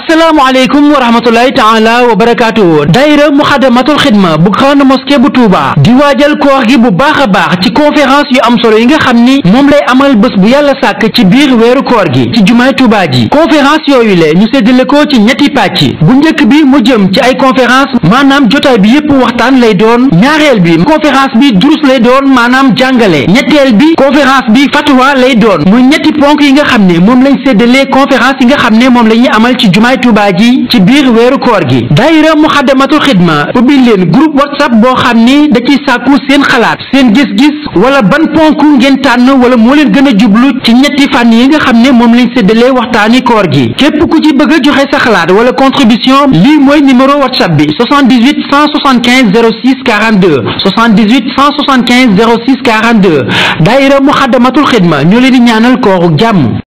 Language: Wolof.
asalaamaaleykum wa rahmatulahi taala wa barakaatu daayira muxadamatul xidma bu grande mosquée bu Touba di waajal koor gi bu baax a baax ci conférence yu am solo yi nga xam ni moom lay amal bés bu yàlla sàkk ci biir weeru koor gi ci jumaay Touba ji conférence yooyu le ñu séddale ko ci ñetti pàcc bu njëkk bi mu jëm ci ay conférence maanaam jotaay bi yépp waxtaan lay doon ñaareel bi conférence bi durus lay doon maanaam jàngale ñetteel bi conférence bi fatwa lay doon muy ñetti ponk yi nga xam ne moom lañ séddalee conférence yi nga xam ne moom la ñuy amal ci jumaa jumaay Tuubaa ji ci biir weeru koor gi daayira muxaddamatul xidma ubbi leen groupe whatsapp boo xam ni da ciy sàkku seen xalaat seen gis-gis wala ban ponk ngeen tànn wala moo leen gën jublu ci ñetti fànn yi nga xam ne moom lañ séddalee waxtaani koor gi képp ku ci bëgg a joxe sa xalaat wala contribution lii mooy numéro whatsapp bi 78 175 06 42 78 175 06 42 daayira muxaddamatul xidma ñoo leen di ñaanal kooru jàmm